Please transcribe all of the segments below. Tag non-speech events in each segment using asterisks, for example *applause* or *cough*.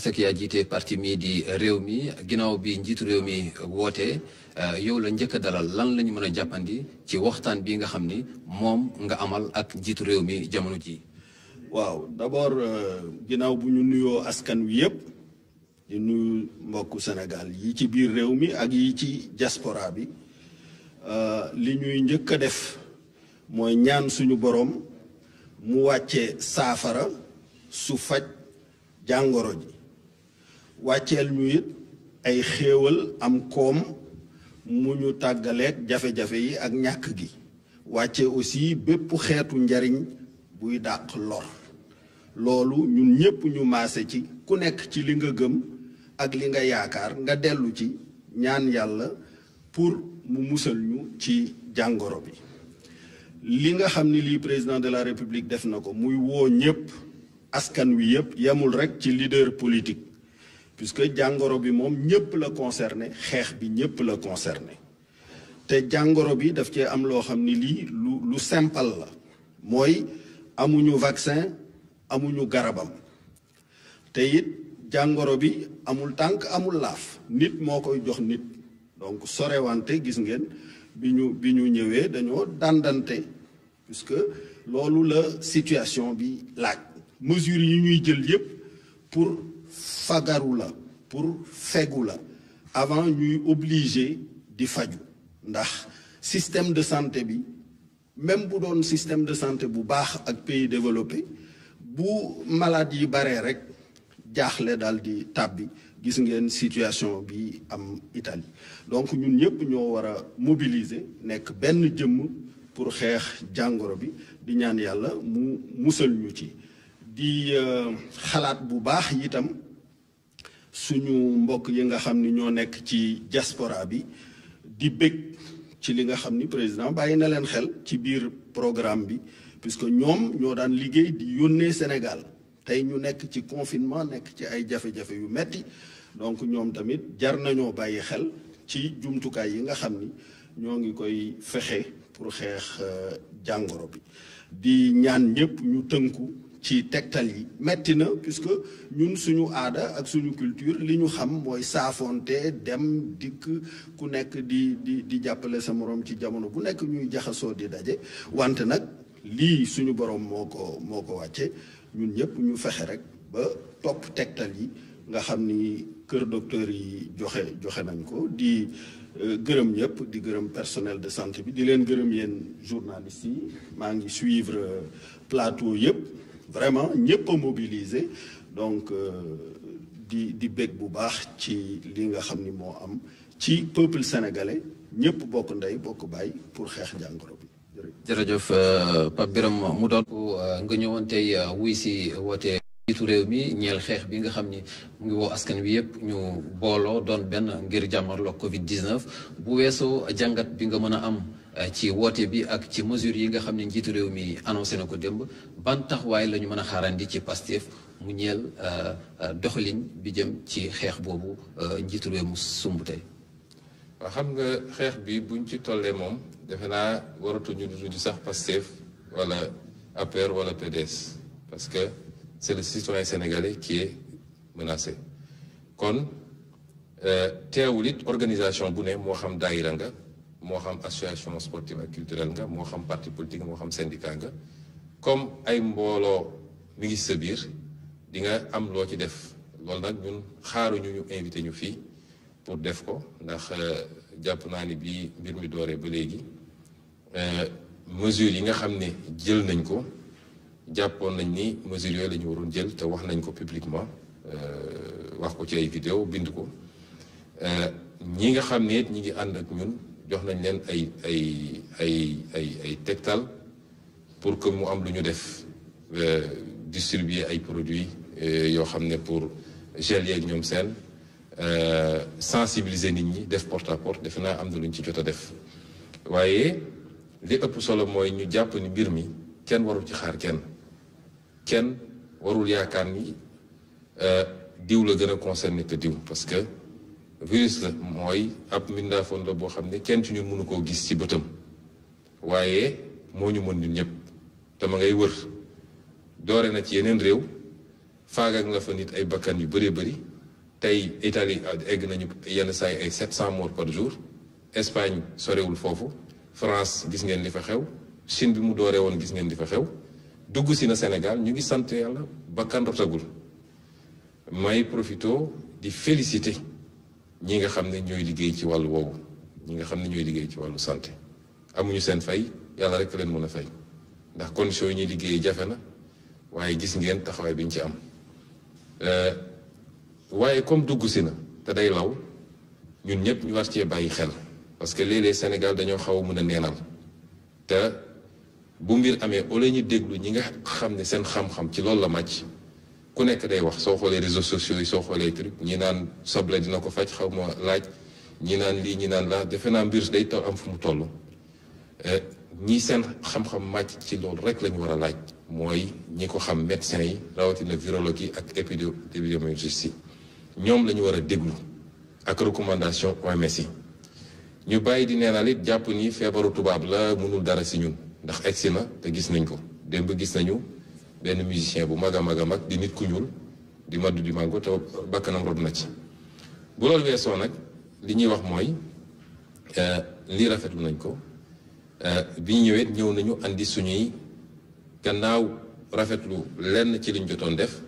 Seck yaa jiite partie mii di réew mi ginnaaw bi njiitu réew mi wootee euh, yow la njëkk dalal lan lañu mën a jàppandi ci waxtaan bi nga xam ni moom nga amal ak njiitu réew mi jamono ji waaw d'abord euh, ginnaaw bu ñu nuyoo askan wi yëpp di nuyu mbokku Sénégal yi ci biir réew mi ak yi ci diaspora bi euh, li ñuy njëkk a def mooy ñaan suñu boroom mu wàcce saafara su faj jàngoro ji wàcceel ñu it ay xéewal am koom mu ñu tàggaleeg jafe-jafe yi ak ñàkk gi wàcce aussi bépp xeetu njariñ buy dàq lor loolu ñun ñépp ñu maase ci ku nekk ci li nga gëm ak li nga yaakaar nga dellu ci ñaan yàlla pour mu musal ñu ci jàngoro bi li nga xam ni lii président de la république def na ko muy woo ñépp askan wi yépp yamul rekk ci lider politique puisque jàngoro bi moom ñëpp la concerné xeex bi ñëpp la concerné te jàngoro bi daf cee am loo xam ni lii lu lu simple la mooy amuñu vaccin amuñu garabam te it jàngoro bi amul tànk amul laaf nit moo koy jox nit donc sorewante gis ngeen bi ñu bi ñu ñëwee dañoo dàndante puisque loolu la situation bi laaj mesures yi ñuy jël yëpp pour fagaru la pour fegu la avant ñuy obligé di faju ndax système de santé bi même bu doon système de santé bu baax ak pays développé bu malade yi baree rek jaaxle daal di tàbbi gis ngeen situation bi am Italie donc ñun ñëpp ñoo war a mobiliser nekk benn jëmm pour xeex jàngoro bi di ñaan yàlla mu musal ñu ci di euh, xalaat bu baax yitam suñu mbokk yi nga xam ni ñoo nekk ci jaspora bi di bëgg ci li nga xam ni président bàyyi na leen xel ci biir programme bi que ñoom ñoo daan liggéey di yónnee Sénégal tey ñu nekk ci confinement nekk ci ay jafe-jafe yu metti donc ñoom tamit jar nañoo bàyyi xel ci jumtukaay yi nga xam ni ñoo ngi koy fexe pour xeex euh, jàngoro bi di ñaan ñëpp ñu tënku ci tegtal yi metti na puisque ñun suñu aada ak suñu culture li ñu xam mooy saafoonte dem dikk ku nekk di di di jàppale sa moroom ci jamono bu nekk ñuy jaxasoo di daje wante nag lii suñu boroom moo ko moo ko wàcce ñun ñëpp ñu fexe rek ba topp tegtal yi nga xam ni kër docteur yi joxe joxe nañ ko di euh, gërëm ñëpp di gërëm personnel de santé bi di leen gërëm yéen journalistes yi maa ngi suivre plateau yëpp vraiment ñëpp a mobilisé donc euh, di di bég bu baax ci li nga xam ni moo am ci peuple sénégalais ñëpp bokk ndey bokk baay pour xeex jàngoro bi jërëjëf euh, Pape Birame mu doon ko euh, nga ñëwoon tey wuy si woote njiitu réew mi ñeel xeex bi nga xam ni mu ngi woo askan wi yëpp ñu booloo doon benn ngir jàmmarloog Covid 19 bu weesoo jàngat bi nga mën a am eh, ci woote bi ak ci mesure yi nga xam ne njiitu réew mi annoncé na ko démb ban taxawaay la ñu mën a xaarandi ci Pastef mu ñeel eh, eh, doxalin bi jëm ci xeex boobu njiitu réew mu sumb tey. waaw xam nga xeex bi buñ ci tollee moom defe naa waratuñu di sax Pastef wala APR wala PDS parce que. c'est le citoyen sénégalais ki est menacé kon euh, teewul it organisation bu ne moo xam daayira nga moo xam association sportive ak culturelle nga moo xam parti politique moo xam syndicat nga comme ay mbooloo mi ngi sa biir di nga am loo ci def loolu nag ñun xaaruñu ñu invité ñu fii pour def ko ndax euh, jàpp naa ni bii mbir mi dooree ba léegi euh, mesures yi nga xam ne jël nañ ko jàppoon nañ ni mesures yooyu la waroon jël te wax nañ ko publiquement euh, wax ko ci ay vidéo bind ko euh, ñi nga xam ne ñi ngi ànd ak ñun jox nañ leen ay ay ay ay ay tegtal pour que mu am lu ñu def euh, distribuer ay produits yoo xam ne pour gel yeeg ñoom seen sensibiliser nit ñi def porte à porte defe naa am na luñ ñu ci jot a def waaye li ëpp solo mooy ñu jàpp ni mbir mi kenn waru ci xaar kenn kenn warul yaakaar ni euh, diw la gën a concerné que diw parce que virus la mooy ab mbindaafoon la boo xam ne kenn ci ñun mënu koo gis ci bëtam waaye moo ñu mën ñun ñëpp te ma ngay wër doore na ci yeneen réew faagak nga fa nit ay bakkan yu bëree bëri tey Italie euh, egg nañu yenn saa yi ay 700 morts par jour Espagne sorewul foofu France gis ngeen li fa xew Chine bi mu dooree woon gis ngeen li fa xew dugg si na Sénégal ñu ngi sant yàlla bakkan rotagul may profito di félicité ñi nga xam ne ñooy liggéey ci wàllu woowu ñi nga xam ne ñooy liggéey ci wàllu santé amuñu seen fay yàlla rek leen mën a fay ndax condition yi ñuy liggéey jafe na waaye gis ngeen taxawaay bi ñu ci am euh, waaye comme dugg si na te day law ñun ñëpp ñu war cee bàyyi xel parce que léeg Sénégal dañoo xaw a mën a neenam te bu mbir amee au lieu ñu déglu ñi nga xam ne seen xam-xam ci loolu la màcc ku nekk day wax soo xoolee réseaux sociaux yi soo xoolee truc ñi naan soble dina ko faj xaw laaj ñi naan lii ñi naan laa defe naa mbir day taw am fu mu toll eh, ñi seen xam-xam màcc ci loolu rek lañu war a laaj mooy ñi ko xam médecins yi rawatina virologue yi ak épidémiologiste yi ñoom la ñu war a déglu ak recommandation OMS yi ñu bàyyi di neenaal it jàpp ni feebaru tubaab la mënul dara si ñun ndax egsi na te gis nañ ko démb gis nañu benn musicien bu mag a mag a mag di nit ku ñuul di maddu di màggo te bakkanam rob na ci bu loolu weesoo nag li ñuy wax mooy euh, lii rafetlu nañ ko euh, bi ñu ñëwee ñëw nañu andi suñuy gannaaw rafetlu lenn ci liñ jotoon def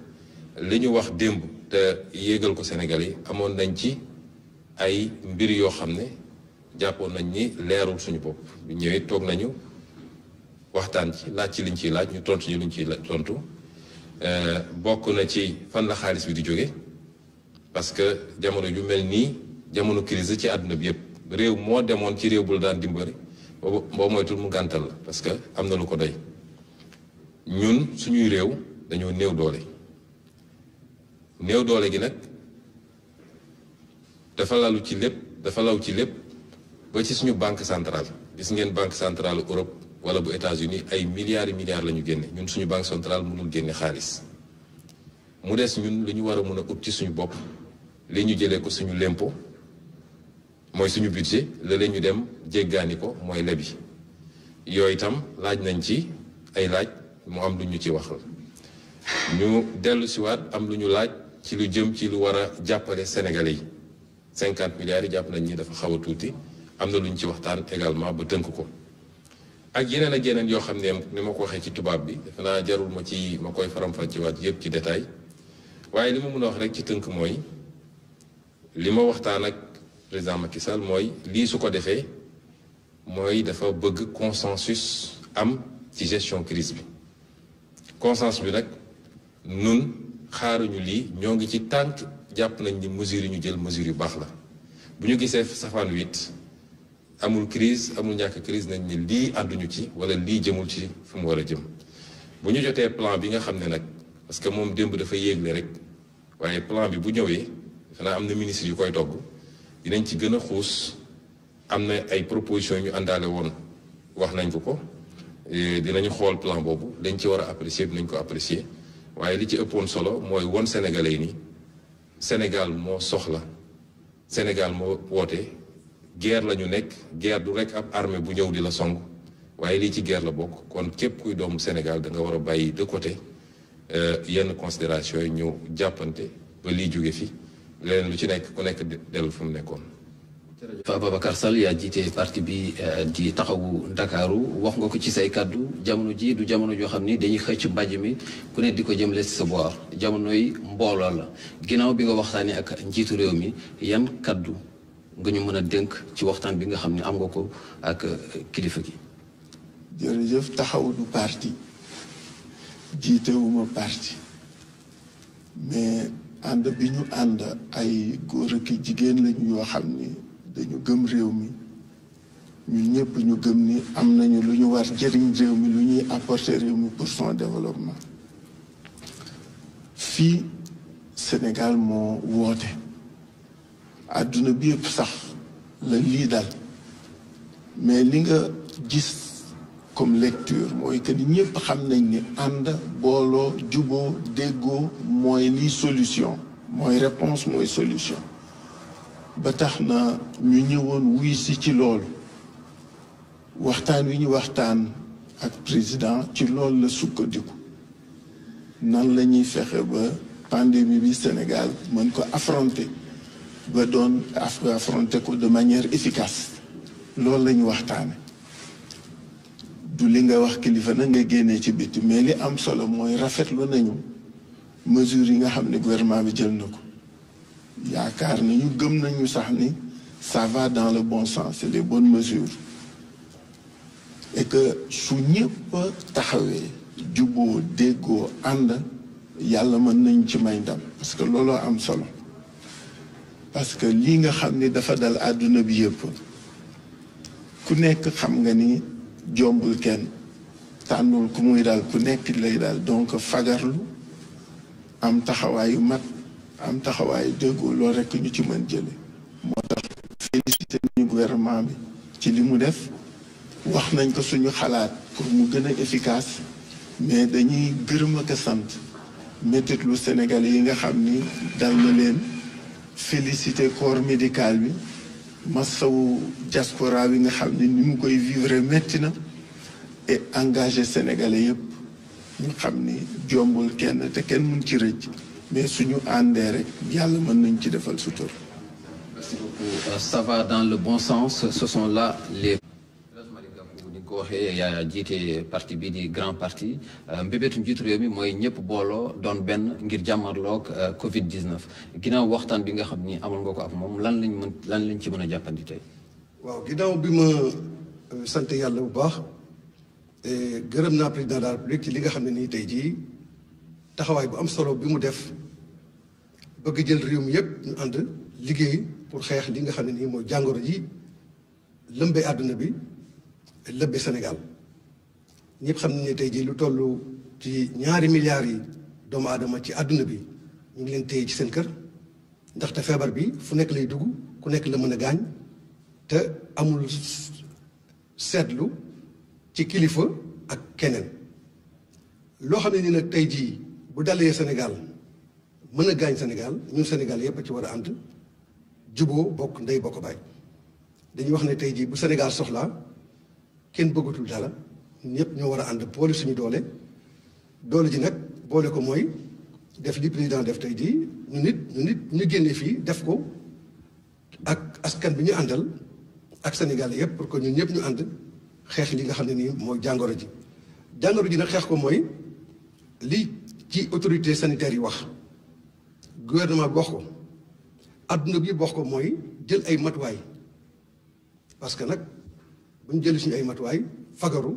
li ñu wax démb te yéegal ko Sénégal yi amoon nañ ci ay mbir yoo xam ne jàppoon nañ ni leerul suñu bopp ñëwee toog nañu waxtaan ci laaj ci liñ ciy laaj ñu tontu ñu liñ ciy tontu euh, bokk na ci fan la xaalis bi di jóge parce que jamono ju mel nii jamono crise ci àdduna bi yëpp réew moo demoon ci réew bul daan dimbali mooy moytul mu gàntal la parce que am na lu ko doy ñun suñuy réew dañoo néew doole néew doole gi nag dafa lalu ci lépp dafa law ci lépp ba ci suñu banque centrale gis ngeen banque centrale Europe wala bu États-Unis ay milliards et milliards la ñu génne ñun suñu banque centrale mënul génne xaalis mu des ñun lu ñu war a mën a ut ci suñu bopp li ñu jëlee ko suñu lempo mooy suñu budget la leen ñu dem jéggaani ko mooy lebi yooyu itam laaj nañ ci ay laaj mu am lu ñu ci wax ñu dellu siwaat am lu ñu laaj ci lu jëm ci lu war a jàppale Sénégalais yi cinquante milliards yi jàpp nañ ñi dafa xaw a tuuti am na lu ñu ci waxtaan également ba tënk ko ak yeneen ak yeneen yoo xam ne ni ma ko waxee ci tubaab bi defe naa jarul ma ci ma koy faram-fàcceewaat yëpp ci détail waaye li ma mën a wax rek ci tënk mooy li ma waxtaan ak président Macky Sall mooy lii su ko defee mooy dafa bëgg consensus am ci gestion crise bi consensus bi nag nun xaaruñu lii ñoo ngi ci tànk jàpp nañ ni mesures yi ñu jël mesures yu baax la bu ñu gisee safaan wit amul crise amul ñàkk crise nañ ni lii ànduñu ci wala lii jëmul ci fu mu war a jëm bu ñu jotee plan bi nga xam ne nag parce que moom démb dafa yéegle rek waaye plan bi bu ñëwee xanaa am na ministre yu koy togg dinañ ci gën a xuus am na ay propositions yu ñu àndaale woon wax nañ ko ko dinañu xool plan boobu dañ ci war a apprécier nañ ko apprécier waaye li ci ëppoon solo mooy won sénégalais nii Sénégal moo soxla Sénégal moo wootee guerre la ñu nekk guerre du rek ab armée bu ñëw di la song waaye lii ci guerre la bokk kon képp kuy doomu Sénégal da nga war a bàyyi de côté euh, yenn considération yi ñëw jàppante ba lii jóge fi leneen lu ci nekk ku nekk dellu fu mu nekkoon. jërëjëf Ababacar Sall yaa jiite parti bi euh, di taxawu Ndakaaru wax nga ko ci say kàddu jamono ji du jamono joo xam ni dañuy xëcc mbàjj mi ku ne di ko jëmle si sa boor jamono yi mbooloo la ginnaaw bi nga waxtaanee ak njiitu réew mi yan kàddu. nga ñu mën a dénk ci waxtaan bi nga xam ne am nga ko ak euh, kilifa gi. jërëjëf taxawu du parti jiitewuma parti mais ànd bi ñu ànd ay góor ak jigéen lañ yoo xam ni dañu gëm réew mi ñu ñëpp ñu gëm ni am nañu lu ñu war jëriñ réew mi lu ñuy apporter réew mi pour son développement fii Sénégal moo woote. àdduna bi yëpp sax la lii daal mais li nga gis comme lecture mooy que ni ñëpp xam nañ ni ànd booloo juboo déggoo mooy lii solution mooy réponse mooy solution ba tax na ñu ñëwoon wuy si ci loolu waxtaan wi ñu waxtaan ak président ci loolu la sukkandiku nan la ñuy fexe ba pandémie bi Sénégal mën ko affronter ba doon affronter ko de manière efficace loolu la ñu waxtaane du li nga wax kilifa na nga génnee ci biti mais li am solo mooy rafetlu nañu mesures yi nga xam ne gouvernement bi jël na ko yaakaar nañu gëm nañu sax ni ça dans le bon sens c'est les bon mesures et que su ñëpp taxawee juboo déggoo ànd yàlla mën nañ ci may ndam parce que looloo am solo parce que lii nga xam ni dafa dal àdduna bi yëpp ku nekk xam nga ni jombul kenn tànnul ku muy daal ku nekk lay daal donc fagarlu am taxawaayu mat am taxawaayu déggoo loolu rekk ñu ci mën jële moo tax félicité nañu gouvernement bi ci li mu def wax nañ ko suñu xalaat pour mu gën a efficace mais dañuy gërëm ak sant méttit lu Sénégal yi nga xam ni dal na leen félicité corps médical bi masawu diaspora bi nga xam ne ni mu koy vivre metti na et engagé sénégalais yëpp ñu xam ni jombul kenn te kenn mun ci rëcc mais suñu àndee rek yàlla mën nañ ci defal sutur. Merci euh, dans le bon sens. Ce sont là les ko waxee yaa jiite parti bi di grand parti euh, mbébétu njiitu réew mi mooy ñëpp booloo doon benn ngir jàmmarloog euh, Covid 19 ginnaaw waxtaan bi nga xam ni amul nga ko ak moom lan lañ mën lan lañ ci mën a jàppandi tey. waaw ginnaaw bi ma euh, sant yàlla bu baax gërëm naa président de ci li nga xam ne nii tey jii taxawaay bu am solo bi mu def bëgg jël réew mi yëpp ñu ànd liggéey pour xeex li nga xam ne nii mooy jàngoro ji lëmbee àdduna bi. lëbbe Sénégal ñëpp xam ne tey jii lu toll ci ñaari milliards yi doomu aadama ci àdduna bi ñu ngi leen tëye ci seen kër ndaxte feebar bi fu nekk lay dugg ku nekk la mën a gaañ te amul seetlu ci kilifa ak keneen loo xam ne ni nag tey jii bu dalee Sénégal mën a gaañ Sénégal ñun Sénégal yépp ci war a ànd juboo bokk ndey bokk baay dañuy wax ne tey jii bu Sénégal soxlaa kenn bëggatul dara ñëpp ñoo war a ànd boole suñu doole doole ji nag boole ko mooy def li président def tey jii ñu nit ñu nit ñu génne fii def ko ak askan bi ñu àndal ak Sénégal yëpp pour que ñu ñëpp ñu ànd xeex li nga xam ne nii mooy jàngoro ji. jàngoro ji nag xeex ko mooy li ci autorité sanitaire yi wax gouvernement bi wax ko adduna bi wax ko mooy jël ay matuwaay parce nag. bu ñu jëlee suñu ay matuwaay fagaru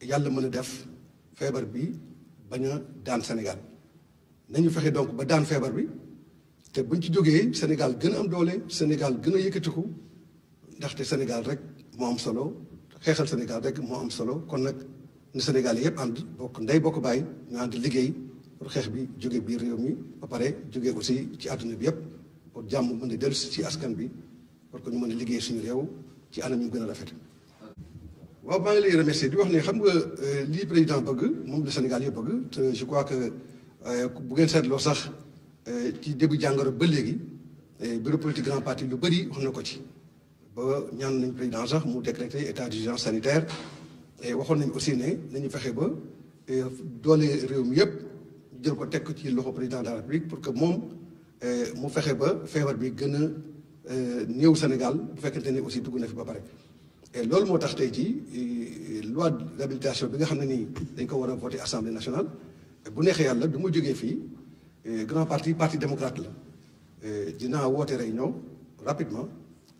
yàlla mën a def feebar bi bañ a daan Sénégal nañu fexe donc ba daan feebar bi te buñ ci jógee Sénégal gën a am doole Sénégal gën a yëkkatiku ndaxte Sénégal rek moo am solo xeexal Sénégal rek moo am solo kon nag ne Sénégal yëpp ànd bokk ndey bokk bàyyi ñu ànd liggéey pour xeex bi jóge biir réew mi ba pare jóge aussi ci àdduna bi yëpp pour jàmm mën a si ci askan bi pour que ñu mën a liggéey suñu réew ci anam ñu gën a rafet waaw maa ngi lay remercier di wax ne xam nga euh, lii président bëgg moom la Sénégal yëpp bëgg te je crois que euh, bu ngeen seetloo sax euh, ci début jàngoro ba léegi bureau politique grand parti lu bëri wax na ko ci ba ñaan nañ président sax mu décréter état d'urgence sanitaire waxoon nañ aussi ne nañu fexe ba doole réew mi yëpp jël ko teg ci loxo président de la République pour que moom mu fexe ba feebar bi gën a néew Sénégal bu fekkente ne aussi dugg na fi ba pare et loolu moo tax tey jii euh, loi d'habilitation bi nga xam ne ni dañ ko war a voté assemblée nationale bu neexee yàlla du ma jógee fii euh, grand parti parti démocrate la euh, dinaa woote réunion rapidement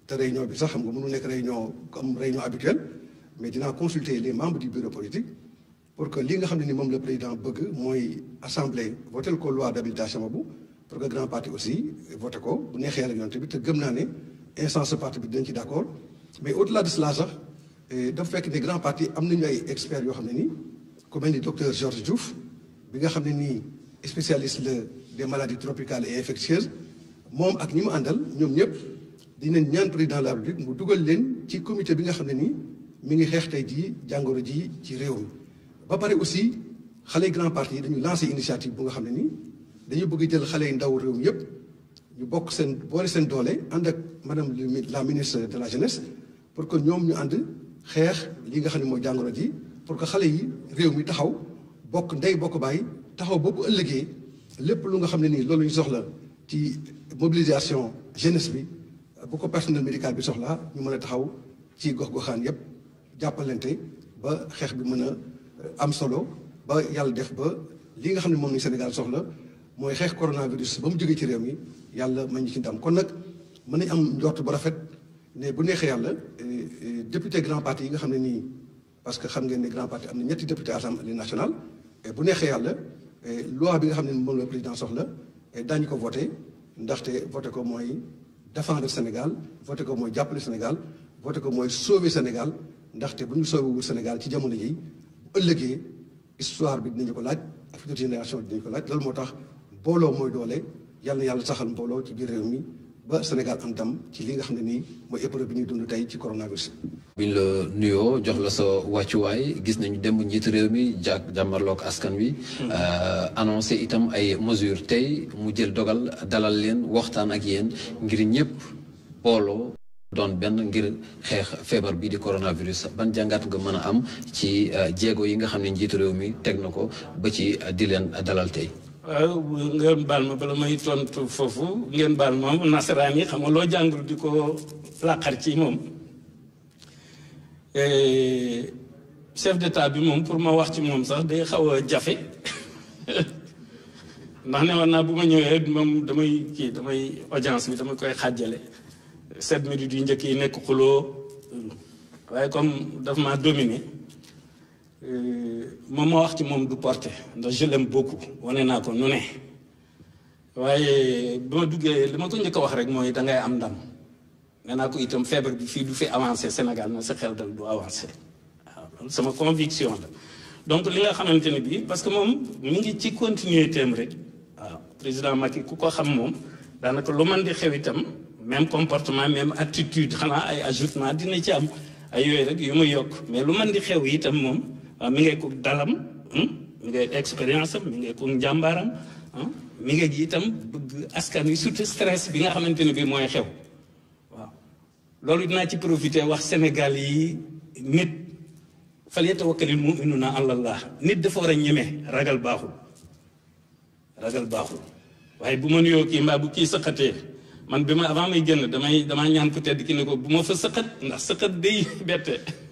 te réunion bi sax xam nga mënu nekk réunion comme réunion habituelle mais dinaa consulter les membres du bureau politique pour que li nga xam ne ni moom le président bëgg mooy assemblée votel ko loi d'habilitation bu pour que grand parti aussi voté ko bu neexee yàlla ñoom tamit gëm naa ne instance parti bi dinañ ci d'accord mais au la de cela sax eh, dafa fekk ni grand parti am nañu ay experts yoo xam ne nii ku mel ni docteur Georges Diouf bi nga xam ne nii spécialiste de des maladies tropicales et infectieuses moom ak ñi mu àndal ñoom ñëpp dinañ ñaan président de la République mu dugal leen ci comité bi nga xam ne nii mi ngi xeex tey jii jàngoro ji ci réew mi. ba pare aussi xale grand parti yi dañu lancé initiative bu nga xam ne nii dañu bëgg jël xale yu ndaw réew mi yëpp ñu bokk seen boole seen doole ànd ak madame la ministre de la jeunesse. pour que ñoom ñu ànd xeex li nga xam ne mooy jàngoro ji pour que xale yi réew mi taxaw bokk ndey bokk bàyyi taxaw boo ko ëllëgee lépp lu nga xam ne nii loolu ñu soxla ci mobilisation jeunesse bi bu ko personnel médical bi soxla ñu mën a taxaw ci gox-goxaan yépp jàppalante ba xeex bi mën a euh, am solo ba yàlla def ba li nga xam ne moom ni Sénégal soxla mooy xeex coronavirus ba mu jógee ci réew mi yàlla mañ ñu ci ndam kon nag mën nañ am njort bu rafet. ne bu neexee yàlla eh, eh, député grand parti yi nga xam ne nii parce que xam ngeen ne grand parti am na ñetti député assemblée nationale et eh, bu neexee yàlla loi bi nga xam ne moom la président soxla daañu ko voté ndaxte voté ko mooy défendre Sénégal voté ko mooy jàppale Sénégal voté ko mooy soowee Sénégal ndaxte bu ñu sauvéwul Sénégal ci jamono yi bu ëllëgee histoire bi dinañu ko laaj ak future génération dinañu ko laaj loolu moo tax mbooloo mooy doole yàlla yàlla saxal mbooloo ci biir mi. ba Sénégal am ndam ci li nga xam ne nii mooy épreuve bi ñuy dund tey ci coronavirus. biñ la nuyoo jox la sa wàccuwaay gis nañu dem njiit réew mi jàk jàmmarloog askan wi. Euh, annoncé itam ay mesures tey mu jël dogal dalal leen waxtaan ak yéen ngir ñëpp booloo doon benn ngir xeex feebar bii di coronavirus ban jàngat nga mën a am ci euh, jéego yi nga xam ne njiit réew mi teg na ko ba ci di leen dalal tey. waaw ngeen baal ma bala may tontu foofu ngeen baal ma nasaraan yi xam nga loo jàngul di ko làqar ci moom eh, chef d'état bi moom pour ma wax ci moom sax day xaw a jafe *laughs* ndax ne war naa bu ma ñëwee moom damay kii damay audience bi dama koy xàjjale sept minutes yu njëkk yi nekk xuloo waaye comme daf maa dominé Euh, moom ma wax ci moom du porté ndax je l'aime beaucoup wane naa ko nu ne waaye ba ma duggee li ma ko njëkk wax rek mooy da ngay am ndam nee naa ko itam feebar bi fii du fi avancé Sénégal na sa xel dal du avancé waaw sama conviction la donc li nga xamante ne bii parce que moom mi ngi ci continuité am rek waaw président Macky ku ko xam moom daanaka lu man di xew itam même comportement même attitude xanaa ay ajoutement dina ci am ay yooyu rek yu muy yokk mais lu man di xew itam moom. Ah, mi ngay ko dalam hmm? mi ngay expérience am mi ngay ko njàmbaaram hmm? mi ngay itam bëgg askan wi surtout stress bi nga xamante ne bii mooy xew loolu dinaa ci profité wax Sénégal yi nit fal yatawakkalil mu'minuuna alallah nit dafa war a ñeme ragal baaxul ragal baaxul waaye bu ma nuyoo kii mbaa bu kii sëqatee man bi ma avant may génn damay damaa ñaan ku tedd ki ne ko bu ma fa sëqat ndax sëqat day bette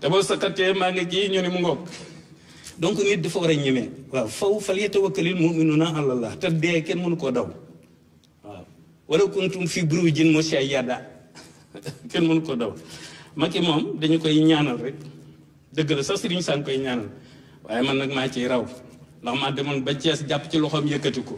te boo sakkatee maa ngi ji ñoo ne mu ngoog donc nit dafa war a ñemee waaw faw fal yatawakkalil mu'minuuna ala Allah te dee kenn mënu koo daw waaw wala kuntum fi burujin mushayyada kenn mënu koo daw Macky moom dañu koy ñaanal rek dëgg la sax Serigne Sane koy ñaanal waaye man nag maa ci raw ndax maa demoon ba Thiès jàpp ci loxoom yëkkati ko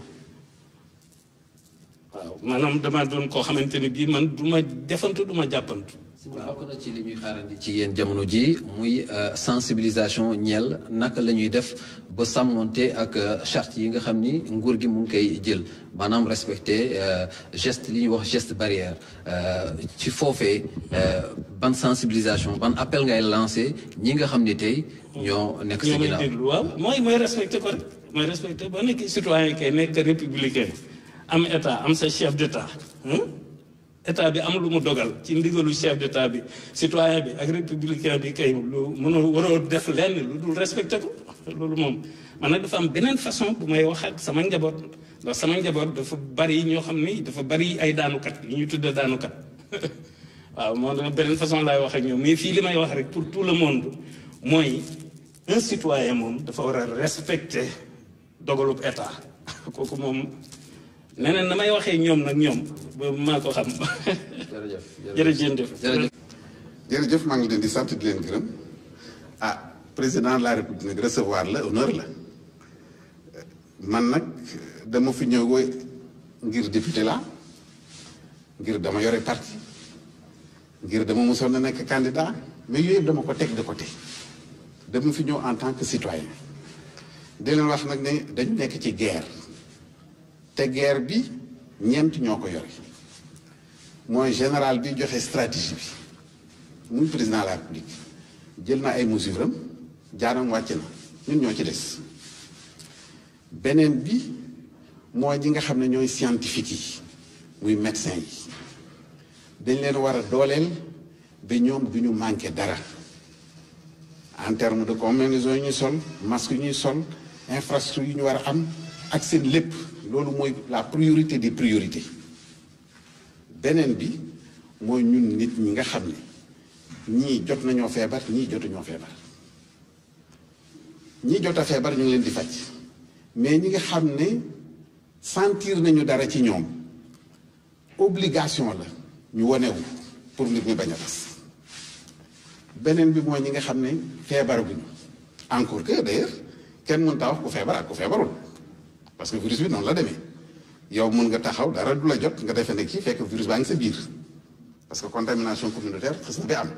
waaw maanaam damaa doon koo xamante ni bii man du ma defantu du ma jàppantu bokk na ci li ñuy xaarandi ci yéen jamono ji muy euh, sensibilisation ñeel naka lañuy def ba sàmmonte ak euh, charte yi nga xam ni nguur gi mu ngi koy jël maanaam respecté euh, geste li ñuy wax geste barrière ci foofee ban sensibilisation ban appel ngay lancé ñi nga xam ni tey ñoo nekk si ginnaaw waaw mooy mooy respecté ko rek mooy respecté ba nekk citoyen kay nekk républicain am état am sa chef d'état état bi am lu mu dogal ci ndigalu chef d' état bi citoyen bi ak républicain bi kay lu mënoo waroo def lenn lu dul respecté ko loolu moom man nag dafa am beneen façon bu may wax ak sama njaboot sama njaboot dafa bari ñoo xam ni dafa bari ay daanukat li ñuy tuddee daanukat *laughs* waaw moo tax beneen façon laay wax ak ñoom mais fii li may wax rek pour tout le monde mooy un citoyen moom dafa war a respecté dogalub état *laughs* kooku moom. neneen na may waxee ñoom nag ñoom boobu maa ko xam. jërëjëf jërëjëf jërëjëf. jërëjëf maa ngi leen di sant di leen gërëm ah président de la république nag recevoir la honneur la man nag dama fi ñëw ngir député la ngir dama yore parti ngir dama mosoon na nekk candidat mais yooyu yëpp dama ko teg de côté dama fi ñëw en tant que citoyen di wax nag ne dañu nekk ci guerre. te bi ñeent ñoo ko yore mooy général bi joxe stratégie bi muy président la république jël na ay mesures am jaaram wàcc na ñun ñoo ci des beneen bi mooy ñi nga xam ne ñooy scientifique yi muy médecin yi dañ leen war a dooleel ba ñoom du ñu manqué dara en terme de combinaison yi ñuy sol masque yi ñuy son infrastructure yi ñu war a am ak seen lépp loolu mooy la priorité des priorités beneen bi mooy ñun nit ñi nga xam ne ñii jot nañoo feebar ñii jotuñoo feebar ñii jot a feebar ñu ngi leen di fàcc mais ñi nga xam ne sentir nañu dara ci ñoom obligation la ñu wanewu pour nit ñu bañ a tas beneen bi mooy ñi nga xam ne feebaraguñu encore que d'ailleurs kenn mënta wax ku feebar ak ku feebarul parce que virus bi noonu la demee yow mun nga taxaw dara du la jot nga defe nekk ci fekk virus baa ngi sa biir parce que contamination communautaire xës na bi am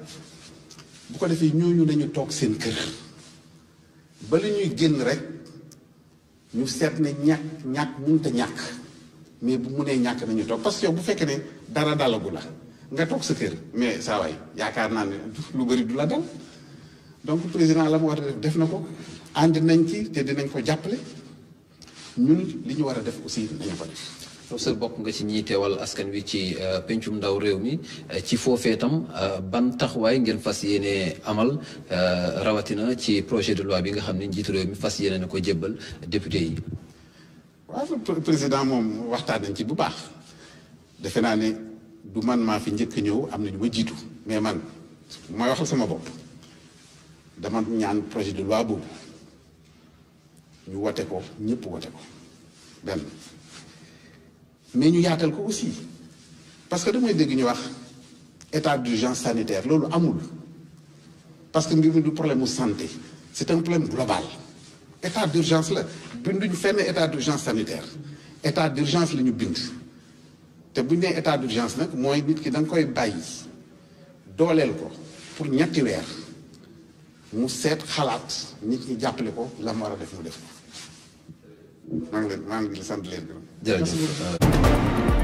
bu ko defee ñooñu nañu toog seen kër ba li ñuy génn rek ñu seet ne ñàkk ñàkk mënut a ñàkk mais bu munee ñàkk nañu toog parce que yow bu fekkee ne dara dalagu la nga toog sa kër mais saa waay yaakaar naa ne lu bëri du la dem donc président la mu war a def na ko ànd nañ ci te dinañ ko jàppale. ñun li ñu war a def aussi dañu ko def professeur bokk nga ci ñiy teewal askan wi ci euh, pencum ndaw réew mi euh, ci foofee tam euh, ban taxawaay ngeen fas yéene amal rawatina ci projet de loi bi nga xam ne njiitu réew mi fas yéene na ko jébbal député yi. waaw président moom waxtaan nañ ci bu baax defe naa ne du man maa fi njëkk ñëw am nañu ñu ma jiitu mais man mooy waxal sama bopp dama ñaan projet de loi boobu. ñu wote ko ñëpp wote ko benn mais ñu yaatal ko aussi parce que damay dégg ñu wax état d'urgence sanitaire loolu amul parce que mbir mi du problème mu santé c'est un problème global état d'urgence la binduñu fenn état d'urgence sanitaire état d'urgence la ñu bind te bu ñu nee état d'urgence nag mooy nit ki danga koy bàyyi dooleel ko pour ñetti weer mu seet xalaat nit ñi jàppale ko la war a def mu def maa leen maa ngi